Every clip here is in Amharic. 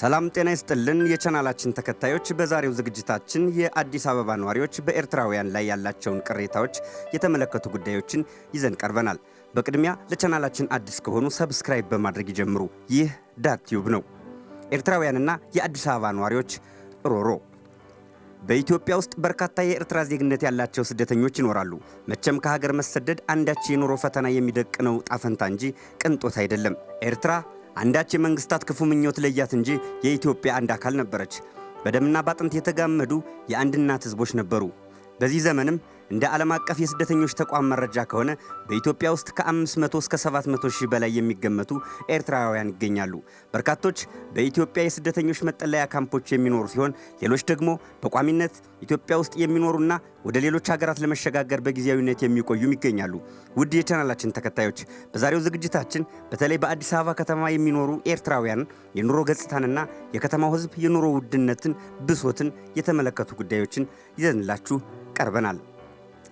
ሰላም ጤና ይስጥልን የቻናላችን ተከታዮች፣ በዛሬው ዝግጅታችን የአዲስ አበባ ነዋሪዎች በኤርትራውያን ላይ ያላቸውን ቅሬታዎች የተመለከቱ ጉዳዮችን ይዘን ቀርበናል። በቅድሚያ ለቻናላችን አዲስ ከሆኑ ሰብስክራይብ በማድረግ ይጀምሩ። ይህ ዳትዩብ ነው። ኤርትራውያንና የአዲስ አበባ ነዋሪዎች ሮሮ በኢትዮጵያ ውስጥ በርካታ የኤርትራ ዜግነት ያላቸው ስደተኞች ይኖራሉ። መቼም ከሀገር መሰደድ አንዳች የኑሮ ፈተና የሚደቅነው ጣፈንታ እንጂ ቅንጦት አይደለም። ኤርትራ አንዳች የመንግስታት ክፉ ምኞት ለያት እንጂ የኢትዮጵያ አንድ አካል ነበረች። በደምና ባጥንት የተጋመዱ የአንድ እናት ህዝቦች ነበሩ። በዚህ ዘመንም እንደ ዓለም አቀፍ የስደተኞች ተቋም መረጃ ከሆነ በኢትዮጵያ ውስጥ ከ500 እስከ 700 ሺህ በላይ የሚገመቱ ኤርትራውያን ይገኛሉ። በርካቶች በኢትዮጵያ የስደተኞች መጠለያ ካምፖች የሚኖሩ ሲሆን ሌሎች ደግሞ በቋሚነት ኢትዮጵያ ውስጥ የሚኖሩና ወደ ሌሎች ሀገራት ለመሸጋገር በጊዜያዊነት የሚቆዩም ይገኛሉ። ውድ የቻናላችን ተከታዮች በዛሬው ዝግጅታችን በተለይ በአዲስ አበባ ከተማ የሚኖሩ ኤርትራውያን የኑሮ ገጽታንና የከተማው ሕዝብ የኑሮ ውድነትን፣ ብሶትን የተመለከቱ ጉዳዮችን ይዘንላችሁ ቀርበናል።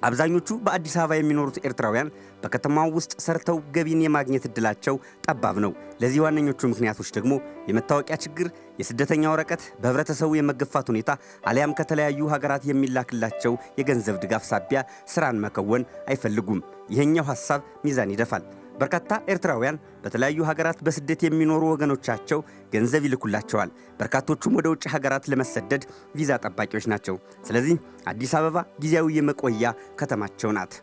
አብዛኞቹ በአዲስ አበባ የሚኖሩት ኤርትራውያን በከተማው ውስጥ ሰርተው ገቢን የማግኘት እድላቸው ጠባብ ነው። ለዚህ ዋነኞቹ ምክንያቶች ደግሞ የመታወቂያ ችግር፣ የስደተኛ ወረቀት፣ በህብረተሰቡ የመገፋት ሁኔታ አሊያም ከተለያዩ ሀገራት የሚላክላቸው የገንዘብ ድጋፍ ሳቢያ ስራን መከወን አይፈልጉም። ይህኛው ሀሳብ ሚዛን ይደፋል። በርካታ ኤርትራውያን በተለያዩ ሀገራት በስደት የሚኖሩ ወገኖቻቸው ገንዘብ ይልኩላቸዋል። በርካቶቹም ወደ ውጭ ሀገራት ለመሰደድ ቪዛ ጠባቂዎች ናቸው። ስለዚህ አዲስ አበባ ጊዜያዊ የመቆያ ከተማቸው ናት።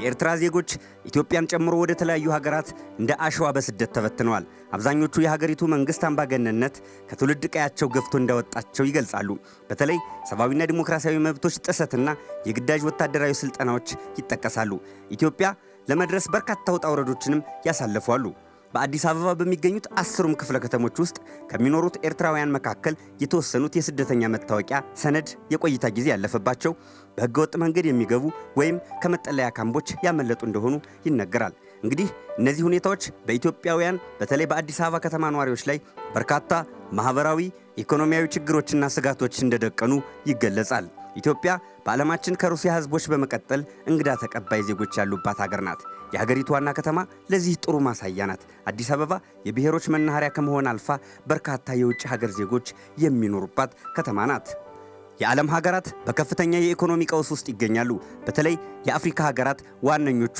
የኤርትራ ዜጎች ኢትዮጵያን ጨምሮ ወደ ተለያዩ ሀገራት እንደ አሸዋ በስደት ተበትነዋል። አብዛኞቹ የሀገሪቱ መንግስት አምባገነንነት ከትውልድ ቀያቸው ገፍቶ እንዳወጣቸው ይገልጻሉ። በተለይ ሰብአዊና ዲሞክራሲያዊ መብቶች ጥሰትና የግዳጅ ወታደራዊ ስልጠናዎች ይጠቀሳሉ። ኢትዮጵያ ለመድረስ በርካታ ውጣ ውረዶችንም ያሳልፏሉ። በአዲስ አበባ በሚገኙት አስሩም ክፍለ ከተሞች ውስጥ ከሚኖሩት ኤርትራውያን መካከል የተወሰኑት የስደተኛ መታወቂያ ሰነድ የቆይታ ጊዜ ያለፈባቸው፣ በህገወጥ መንገድ የሚገቡ ወይም ከመጠለያ ካምቦች ያመለጡ እንደሆኑ ይነገራል። እንግዲህ እነዚህ ሁኔታዎች በኢትዮጵያውያን በተለይ በአዲስ አበባ ከተማ ነዋሪዎች ላይ በርካታ ማህበራዊ፣ ኢኮኖሚያዊ ችግሮችና ስጋቶች እንደደቀኑ ይገለጻል። ኢትዮጵያ በዓለማችን ከሩሲያ ሕዝቦች በመቀጠል እንግዳ ተቀባይ ዜጎች ያሉባት ሀገር ናት። የሀገሪቱ ዋና ከተማ ለዚህ ጥሩ ማሳያ ናት። አዲስ አበባ የብሔሮች መናኸሪያ ከመሆን አልፋ በርካታ የውጭ ሀገር ዜጎች የሚኖሩባት ከተማ ናት። የዓለም ሀገራት በከፍተኛ የኢኮኖሚ ቀውስ ውስጥ ይገኛሉ። በተለይ የአፍሪካ ሀገራት ዋነኞቹ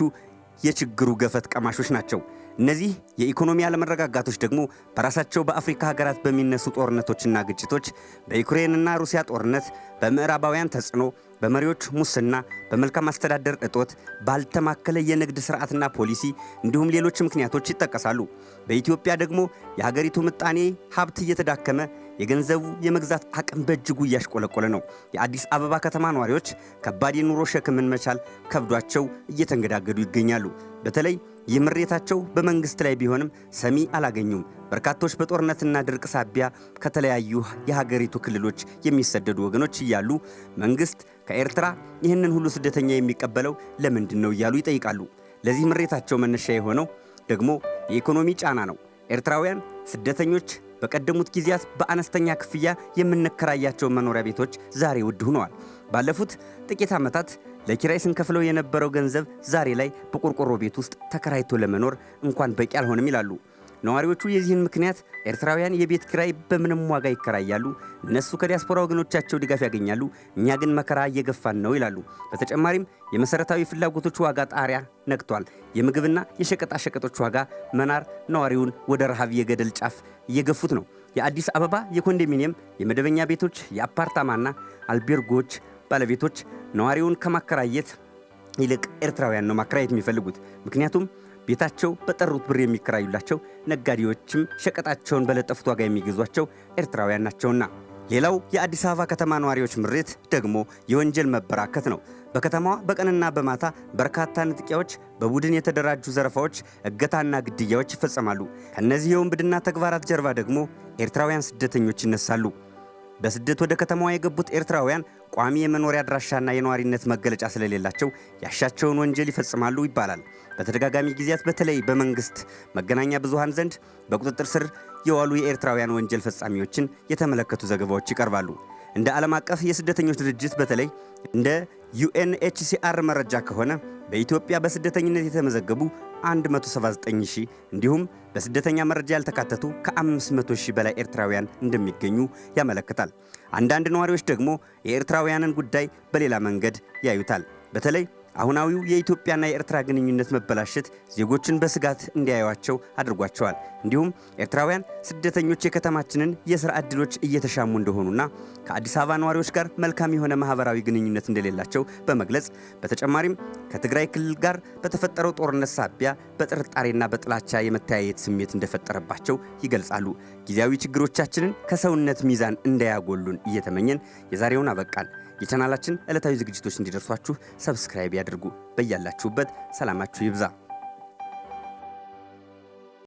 የችግሩ ገፈት ቀማሾች ናቸው። እነዚህ የኢኮኖሚ አለመረጋጋቶች ደግሞ በራሳቸው በአፍሪካ ሀገራት በሚነሱ ጦርነቶችና ግጭቶች፣ በዩክሬንና ሩሲያ ጦርነት፣ በምዕራባውያን ተጽዕኖ፣ በመሪዎች ሙስና በመልካም አስተዳደር እጦት፣ ባልተማከለ የንግድ ስርዓትና ፖሊሲ እንዲሁም ሌሎች ምክንያቶች ይጠቀሳሉ። በኢትዮጵያ ደግሞ የሀገሪቱ ምጣኔ ሀብት እየተዳከመ የገንዘቡ የመግዛት አቅም በእጅጉ እያሽቆለቆለ ነው። የአዲስ አበባ ከተማ ነዋሪዎች ከባድ የኑሮ ሸክምን መቻል ከብዷቸው እየተንገዳገዱ ይገኛሉ። በተለይ ይህ ምሬታቸው በመንግስት ላይ ቢሆንም ሰሚ አላገኙም። በርካቶች በጦርነትና ድርቅ ሳቢያ ከተለያዩ የሀገሪቱ ክልሎች የሚሰደዱ ወገኖች እያሉ መንግስት ከኤርትራ ይህንን ሁሉ ስደተኛ የሚቀበለው ለምንድን ነው እያሉ ይጠይቃሉ። ለዚህ ምሬታቸው መነሻ የሆነው ደግሞ የኢኮኖሚ ጫና ነው። ኤርትራውያን ስደተኞች በቀደሙት ጊዜያት በአነስተኛ ክፍያ የምንከራያቸው መኖሪያ ቤቶች ዛሬ ውድ ሆነዋል። ባለፉት ጥቂት ዓመታት ለኪራይ ስንከፍለው የነበረው ገንዘብ ዛሬ ላይ በቆርቆሮ ቤት ውስጥ ተከራይቶ ለመኖር እንኳን በቂ አልሆንም ይላሉ። ነዋሪዎቹ የዚህን ምክንያት ኤርትራውያን የቤት ኪራይ በምንም ዋጋ ይከራያሉ፣ እነሱ ከዲያስፖራ ወገኖቻቸው ድጋፍ ያገኛሉ፣ እኛ ግን መከራ እየገፋን ነው ይላሉ። በተጨማሪም የመሰረታዊ ፍላጎቶች ዋጋ ጣሪያ ነግቷል። የምግብና የሸቀጣሸቀጦች ዋጋ መናር ነዋሪውን ወደ ረሃብ የገደል ጫፍ እየገፉት ነው። የአዲስ አበባ የኮንዶሚኒየም የመደበኛ ቤቶች የአፓርታማና አልቤርጎች ባለቤቶች ነዋሪውን ከማከራየት ይልቅ ኤርትራውያን ነው ማከራየት የሚፈልጉት ምክንያቱም ቤታቸው በጠሩት ብር የሚከራዩላቸው ነጋዴዎችም ሸቀጣቸውን በለጠፉት ዋጋ የሚገዟቸው ኤርትራውያን ናቸውና። ሌላው የአዲስ አበባ ከተማ ነዋሪዎች ምሬት ደግሞ የወንጀል መበራከት ነው። በከተማዋ በቀንና በማታ በርካታ ንጥቂያዎች፣ በቡድን የተደራጁ ዘረፋዎች፣ እገታና ግድያዎች ይፈጸማሉ። ከእነዚህ የወንብድና ተግባራት ጀርባ ደግሞ ኤርትራውያን ስደተኞች ይነሳሉ። በስደት ወደ ከተማዋ የገቡት ኤርትራውያን ቋሚ የመኖሪያ አድራሻና የነዋሪነት መገለጫ ስለሌላቸው ያሻቸውን ወንጀል ይፈጽማሉ ይባላል። በተደጋጋሚ ጊዜያት በተለይ በመንግስት መገናኛ ብዙሃን ዘንድ በቁጥጥር ስር የዋሉ የኤርትራውያን ወንጀል ፈጻሚዎችን የተመለከቱ ዘገባዎች ይቀርባሉ። እንደ ዓለም አቀፍ የስደተኞች ድርጅት በተለይ እንደ ዩኤንኤችሲአር መረጃ ከሆነ በኢትዮጵያ በስደተኝነት የተመዘገቡ 179 ሺህ እንዲሁም በስደተኛ መረጃ ያልተካተቱ ከ500 ሺህ በላይ ኤርትራውያን እንደሚገኙ ያመለክታል። አንዳንድ ነዋሪዎች ደግሞ የኤርትራውያንን ጉዳይ በሌላ መንገድ ያዩታል። በተለይ አሁናዊው የኢትዮጵያና የኤርትራ ግንኙነት መበላሸት ዜጎችን በስጋት እንዲያዩቸው አድርጓቸዋል። እንዲሁም ኤርትራውያን ስደተኞች የከተማችንን የስራ ዕድሎች እየተሻሙ እንደሆኑና ከአዲስ አበባ ነዋሪዎች ጋር መልካም የሆነ ማህበራዊ ግንኙነት እንደሌላቸው በመግለጽ በተጨማሪም ከትግራይ ክልል ጋር በተፈጠረው ጦርነት ሳቢያ በጥርጣሬና በጥላቻ የመተያየት ስሜት እንደፈጠረባቸው ይገልጻሉ። ጊዜያዊ ችግሮቻችንን ከሰውነት ሚዛን እንዳያጎሉን እየተመኘን የዛሬውን አበቃን። የቻናላችን ዕለታዊ ዝግጅቶች እንዲደርሷችሁ ሰብስክራይብ ያድርጉ። በያላችሁበት ሰላማችሁ ይብዛ።